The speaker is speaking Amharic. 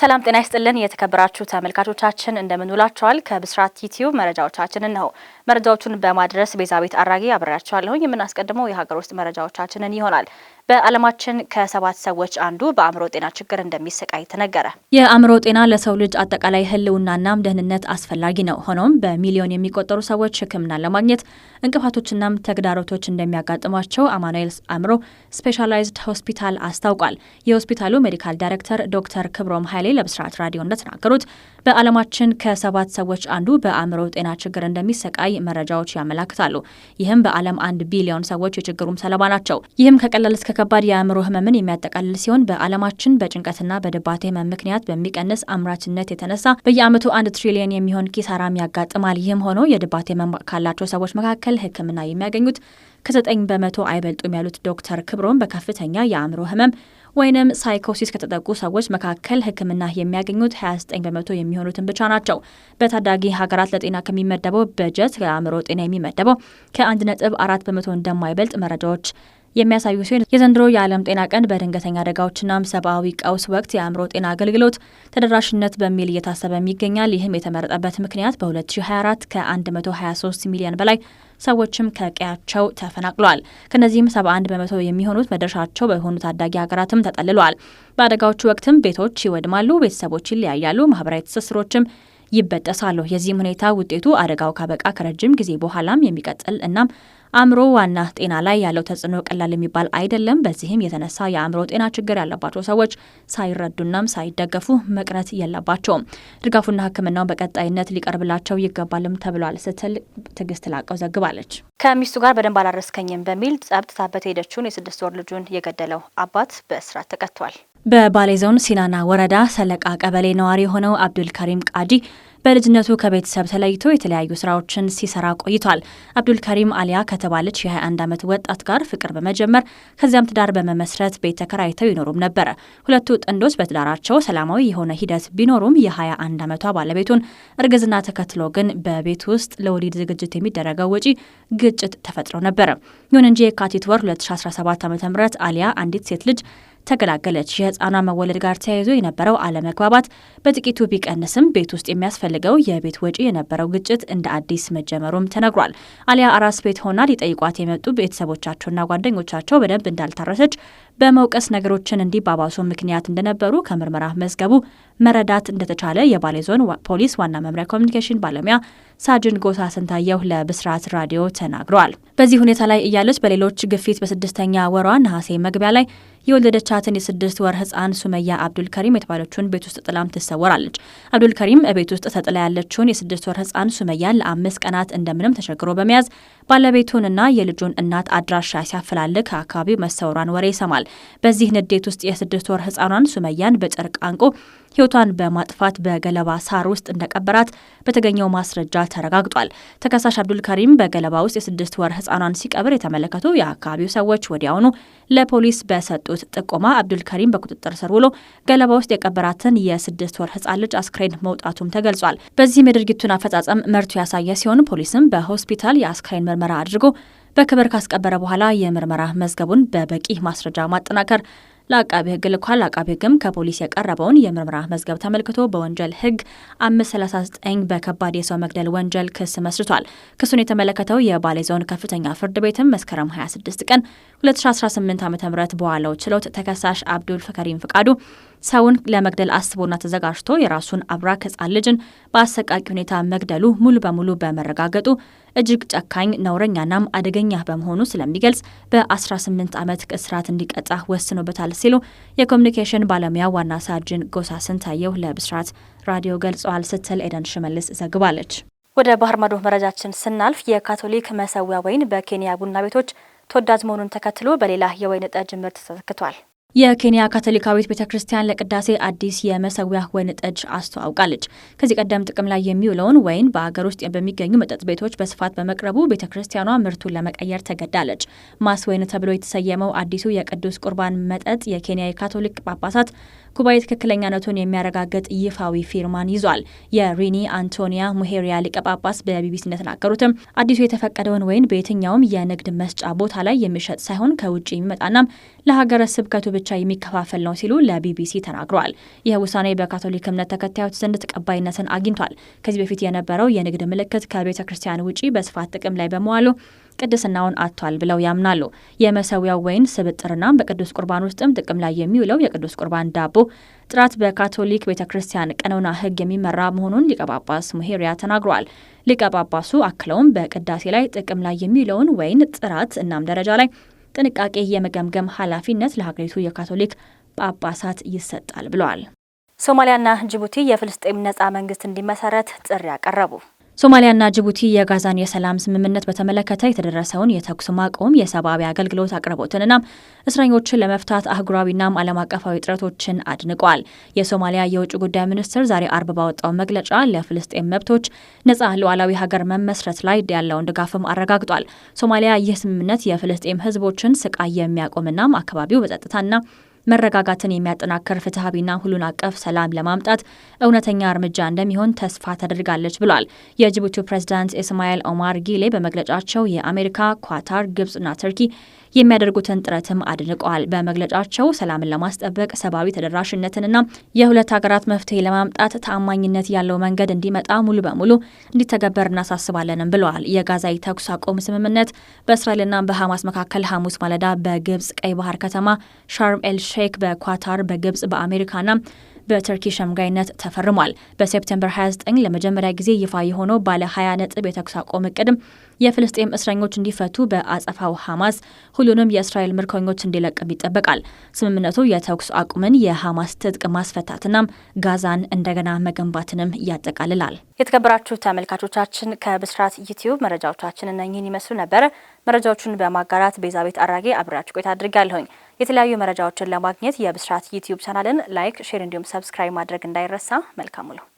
ሰላም ጤና ይስጥልን። የተከበራችሁ ተመልካቾቻችን እንደምንውላችኋል። ከብስራት ዩቲዩብ መረጃዎቻችንን ነው መረጃዎቹን በማድረስ ቤዛቤት አራጌ አብሬያችኋለሁኝ። የምናስቀድመው የሀገር ውስጥ መረጃዎቻችንን ይሆናል። በዓለማችን ከሰባት ሰዎች አንዱ በአእምሮ ጤና ችግር እንደሚሰቃይ ተነገረ። የአእምሮ ጤና ለሰው ልጅ አጠቃላይ ሕልውናናም ደህንነት አስፈላጊ ነው። ሆኖም በሚሊዮን የሚቆጠሩ ሰዎች ህክምናን ለማግኘት እንቅፋቶችናም ተግዳሮቶች እንደሚያጋጥሟቸው አማኑኤል አእምሮ ስፔሻላይዝድ ሆስፒታል አስታውቋል። የሆስፒታሉ ሜዲካል ዳይሬክተር ዶክተር ክብሮም ኃይሌ ለብስራት ራዲዮ እንደተናገሩት በዓለማችን ከሰባት ሰዎች አንዱ በአእምሮ ጤና ችግር እንደሚሰቃይ መረጃዎች ያመላክታሉ። ይህም በዓለም አንድ ቢሊዮን ሰዎች የችግሩም ሰለባ ናቸው። ይህም ከቀላል እስከ ከባድ የአእምሮ ህመምን የሚያጠቃልል ሲሆን በዓለማችን በጭንቀትና በድባቴ ህመም ምክንያት በሚቀንስ አምራችነት የተነሳ በየአመቱ አንድ ትሪሊየን የሚሆን ኪሳራም ያጋጥማል። ይህም ሆኖ የድባቴ ህመም ካላቸው ሰዎች መካከል ህክምና የሚያገኙት ከዘጠኝ በመቶ አይበልጡም ያሉት ዶክተር ክብሮም በከፍተኛ የአእምሮ ህመም ወይንም ሳይኮሲስ ከተጠቁ ሰዎች መካከል ህክምና የሚያገኙት 29 በመቶ የሚሆኑትን ብቻ ናቸው። በታዳጊ ሀገራት ለጤና ከሚመደበው በጀት ለአእምሮ ጤና የሚመደበው ከ 14 በመቶ እንደማይበልጥ መረጃዎች የሚያሳዩ ሲሆን የዘንድሮ የዓለም ጤና ቀን በድንገተኛ አደጋዎችና ሰብአዊ ቀውስ ወቅት የአእምሮ ጤና አገልግሎት ተደራሽነት በሚል እየታሰበም ይገኛል። ይህም የተመረጠበት ምክንያት በ2024 ከ123 ሚሊዮን በላይ ሰዎችም ከቀያቸው ተፈናቅለዋል። ከነዚህም 71 በመቶ የሚሆኑት መድረሻቸው በሆኑ ታዳጊ ሀገራትም ተጠልሏል። በአደጋዎቹ ወቅትም ቤቶች ይወድማሉ፣ ቤተሰቦች ይለያያሉ፣ ማህበራዊ ትስስሮችም ይበጠሳሉ። የዚህም ሁኔታ ውጤቱ አደጋው ካበቃ ከረጅም ጊዜ በኋላም የሚቀጥል እናም አእምሮ ዋና ጤና ላይ ያለው ተጽዕኖ ቀላል የሚባል አይደለም። በዚህም የተነሳ የአእምሮ ጤና ችግር ያለባቸው ሰዎች ሳይረዱናም ሳይደገፉ መቅረት የለባቸውም። ድጋፉና ህክምናው በቀጣይነት ሊቀርብላቸው ይገባልም ተብሏል ስትል ትዕግስት ላቀው ዘግባለች። ከሚስቱ ጋር በደንብ አላረስከኝም በሚል ጸብ ትታበት ሄደችውን የስድስት ወር ልጁን የገደለው አባት በእስራት ተቀጥቷል። በባሌ ዞን ሲናና ወረዳ ሰለቃ ቀበሌ ነዋሪ የሆነው አብዱል ከሪም ቃጂ በልጅነቱ ከቤተሰብ ተለይቶ የተለያዩ ስራዎችን ሲሰራ ቆይቷል። አብዱልከሪም አሊያ ከተባለች የ21 ዓመት ወጣት ጋር ፍቅር በመጀመር ከዚያም ትዳር በመመስረት ቤት ተከራይተው ይኖሩም ነበረ። ሁለቱ ጥንዶች በትዳራቸው ሰላማዊ የሆነ ሂደት ቢኖሩም የ21 ዓመቷ ባለቤቱን እርግዝና ተከትሎ ግን በቤት ውስጥ ለወሊድ ዝግጅት የሚደረገው ወጪ ግጭት ተፈጥሮ ነበረ። ይሁን እንጂ የካቲት ወር 2017 ዓ ም አሊያ አንዲት ሴት ልጅ ተገላገለች። የህፃኗ መወለድ ጋር ተያይዞ የነበረው አለመግባባት በጥቂቱ ቢቀንስም ቤት ውስጥ የሚያስፈልግ የሚፈልገው የቤት ወጪ የነበረው ግጭት እንደ አዲስ መጀመሩም ተነግሯል። አሊያ አራስ ቤት ሆና ሊጠይቋት የመጡ ቤተሰቦቻቸውና ጓደኞቻቸው በደንብ እንዳልታረሰች በመውቀስ ነገሮችን እንዲባባሱ ምክንያት እንደነበሩ ከምርመራ መዝገቡ መረዳት እንደተቻለ የባሌ ዞን ፖሊስ ዋና መምሪያ ኮሚኒኬሽን ባለሙያ ሳጅን ጎሳ ስንታየሁ ለብስራት ራዲዮ ተናግረዋል። በዚህ ሁኔታ ላይ እያለች በሌሎች ግፊት በስድስተኛ ወሯ ነሐሴ መግቢያ ላይ የወለደቻትን የስድስት ወር ህፃን ሱመያ አብዱልከሪም የተባለችውን ቤት ውስጥ ጥላም ትሰወራለች። አብዱልከሪም ቤት ውስጥ ተጥላ ያለችውን የስድስት ወር ህፃን ሱመያን ለአምስት ቀናት እንደምንም ተሸግሮ በመያዝ ባለቤቱንና የልጁን እናት አድራሻ ሲያፈላልግ ከአካባቢው መሰወሯን ወሬ ይሰማል። በዚህ ንዴት ውስጥ የስድስት ወር ህፃኗን ሱመያን በጨርቅ አንቆ ህይወቷን በማጥፋት በገለባ ሳር ውስጥ እንደቀበራት በተገኘው ማስረጃ ተረጋግጧል። ተከሳሽ አብዱል ከሪም በገለባ ውስጥ የስድስት ወር ህፃኗን ሲቀብር የተመለከቱ የአካባቢው ሰዎች ወዲያውኑ ለፖሊስ በሰጡት ጥቆማ አብዱል ከሪም በቁጥጥር ስር ውሎ ገለባ ውስጥ የቀበራትን የስድስት ወር ህፃን ልጅ አስክሬን መውጣቱም ተገልጿል። በዚህም የድርጊቱን አፈጻጸም መርቱ ያሳየ ሲሆን ፖሊስም በሆስፒታል የአስክሬን ምርመራ አድርጎ በክብር ካስቀበረ በኋላ የምርመራ መዝገቡን በበቂ ማስረጃ ማጠናከር ለአቃቢ ሕግ ልኳል። አቃቤ ሕግም ከፖሊስ የቀረበውን የምርመራ መዝገብ ተመልክቶ በወንጀል ሕግ 539 በከባድ የሰው መግደል ወንጀል ክስ መስርቷል። ክሱን የተመለከተው የባሌ ዞን ከፍተኛ ፍርድ ቤትም መስከረም 26 ቀን 2018 ዓ ም በዋለው ችሎት ተከሳሽ አብዱል ፈከሪም ፍቃዱ ሰውን ለመግደል አስቦና ተዘጋጅቶ የራሱን አብራክ ሕጻን ልጅን በአሰቃቂ ሁኔታ መግደሉ ሙሉ በሙሉ በመረጋገጡ እጅግ ጨካኝ ነውረኛናም አደገኛ በመሆኑ ስለሚገልጽ በ18 ዓመት እስራት እንዲቀጣ ወስኖበታል ሲሉ የኮሚኒኬሽን ባለሙያ ዋና ሳጅን ጎሳ ስንታየው ለብስራት ራዲዮ ገልጸዋል ስትል ኤደን ሽመልስ ዘግባለች። ወደ ባህር ማዶ መረጃችን ስናልፍ የካቶሊክ መሰዊያ ወይን በኬንያ ቡና ቤቶች ተወዳጅ መሆኑን ተከትሎ በሌላ የወይን ጠጅ ምርት ተተክቷል። የኬንያ ካቶሊካዊት ቤተ ክርስቲያን ለቅዳሴ አዲስ የመሰዊያ ወይን ጠጅ አስተዋውቃለች። ከዚህ ቀደም ጥቅም ላይ የሚውለውን ወይን በሀገር ውስጥ በሚገኙ መጠጥ ቤቶች በስፋት በመቅረቡ ቤተ ክርስቲያኗ ምርቱን ለመቀየር ተገዳለች። ማስ ወይን ተብሎ የተሰየመው አዲሱ የቅዱስ ቁርባን መጠጥ የኬንያ የካቶሊክ ጳጳሳት ጉባኤ ትክክለኛነቱን የሚያረጋግጥ ይፋዊ ፊርማን ይዟል። የሪኒ አንቶኒያ ሙሄሪያ ሊቀ ጳጳስ በቢቢሲ እንደተናገሩትም አዲሱ የተፈቀደውን ወይን በየትኛውም የንግድ መስጫ ቦታ ላይ የሚሸጥ ሳይሆን ከውጭ የሚመጣናም ለሀገረ ስብከቱ ብቻ የሚከፋፈል ነው ሲሉ ለቢቢሲ ተናግረዋል። ይህ ውሳኔ በካቶሊክ እምነት ተከታዮች ዘንድ ተቀባይነትን አግኝቷል። ከዚህ በፊት የነበረው የንግድ ምልክት ከቤተ ክርስቲያን ውጪ በስፋት ጥቅም ላይ በመዋሉ ቅድስናውን አጥቷል ብለው ያምናሉ። የመሰዊያው ወይን ስብጥርና በቅዱስ ቁርባን ውስጥም ጥቅም ላይ የሚውለው የቅዱስ ቁርባን ዳቦ ጥራት በካቶሊክ ቤተ ክርስቲያን ቀኖና ሕግ የሚመራ መሆኑን ሊቀ ጳጳስ ሙሄሪያ ተናግረዋል። ሊቀ ጳጳሱ አክለውም በቅዳሴ ላይ ጥቅም ላይ የሚውለውን ወይን ጥራት እናም ደረጃ ላይ ጥንቃቄ የመገምገም ኃላፊነት ለሀገሪቱ የካቶሊክ ጳጳሳት ይሰጣል ብለዋል። ሶማሊያና ጅቡቲ የፍልስጤም ነጻ መንግስት እንዲመሰረት ጥሪ አቀረቡ። ሶማሊያና ጅቡቲ የጋዛን የሰላም ስምምነት በተመለከተ የተደረሰውን የተኩስ ማቆም የሰብአዊ አገልግሎት አቅርቦትንና እስረኞችን ለመፍታት አህጉራዊናም ዓለም አቀፋዊ ጥረቶችን አድንቋል። የሶማሊያ የውጭ ጉዳይ ሚኒስትር ዛሬ አርብ ባወጣው መግለጫ ለፍልስጤም መብቶች ነጻ ሉዓላዊ ሀገር መመስረት ላይ ያለውን ድጋፍም አረጋግጧል። ሶማሊያ ይህ ስምምነት የፍልስጤም ህዝቦችን ስቃይ የሚያቆምናም አካባቢው በጸጥታና መረጋጋትን የሚያጠናክር ፍትሐቢና ሁሉን አቀፍ ሰላም ለማምጣት እውነተኛ እርምጃ እንደሚሆን ተስፋ ተደርጋለች ብሏል። የጅቡቲው ፕሬዚዳንት ኢስማኤል ኦማር ጊሌ በመግለጫቸው የአሜሪካ፣ ኳታር፣ ግብጽና ትርኪ የሚያደርጉትን ጥረትም አድንቀዋል። በመግለጫቸው ሰላምን ለማስጠበቅ ሰብአዊ ተደራሽነትንና የሁለት ሀገራት መፍትሄ ለማምጣት ተአማኝነት ያለው መንገድ እንዲመጣ ሙሉ በሙሉ እንዲተገበር እናሳስባለንም ብለዋል። የጋዛ የተኩስ አቁም ስምምነት በእስራኤልና በሐማስ መካከል ሐሙስ ማለዳ በግብጽ ቀይ ባህር ከተማ ሻርም ኤል ሼክ፣ በኳታር፣ በግብጽ በአሜሪካና በተርኪ ሸምጋይነት ተፈርሟል። በሴፕቴምበር 29 ለመጀመሪያ ጊዜ ይፋ የሆነው ባለ 20 ነጥብ የተኩስ አቁም እቅድም የፍልስጤም እስረኞች እንዲፈቱ በአጸፋው ሐማስ ሁሉንም የእስራኤል ምርኮኞች እንዲለቅም ይጠበቃል። ስምምነቱ የተኩስ አቁምን፣ የሐማስ ትጥቅ ማስፈታትናም ጋዛን እንደገና መገንባትንም ያጠቃልላል። የተከበራችሁ ተመልካቾቻችን ከብስራት ዩቲዩብ መረጃዎቻችን እነኝህን ይመስሉ ነበር። መረጃዎቹን በማጋራት ቤዛቤት አራጌ አብሬያችሁ ቆይታ አድርጋለሁኝ። የተለያዩ መረጃዎችን ለማግኘት የብስራት ዩቲዩብ ቻናልን ላይክ፣ ሼር እንዲሁም ሰብስክራይብ ማድረግ እንዳይረሳ። መልካም ውሎ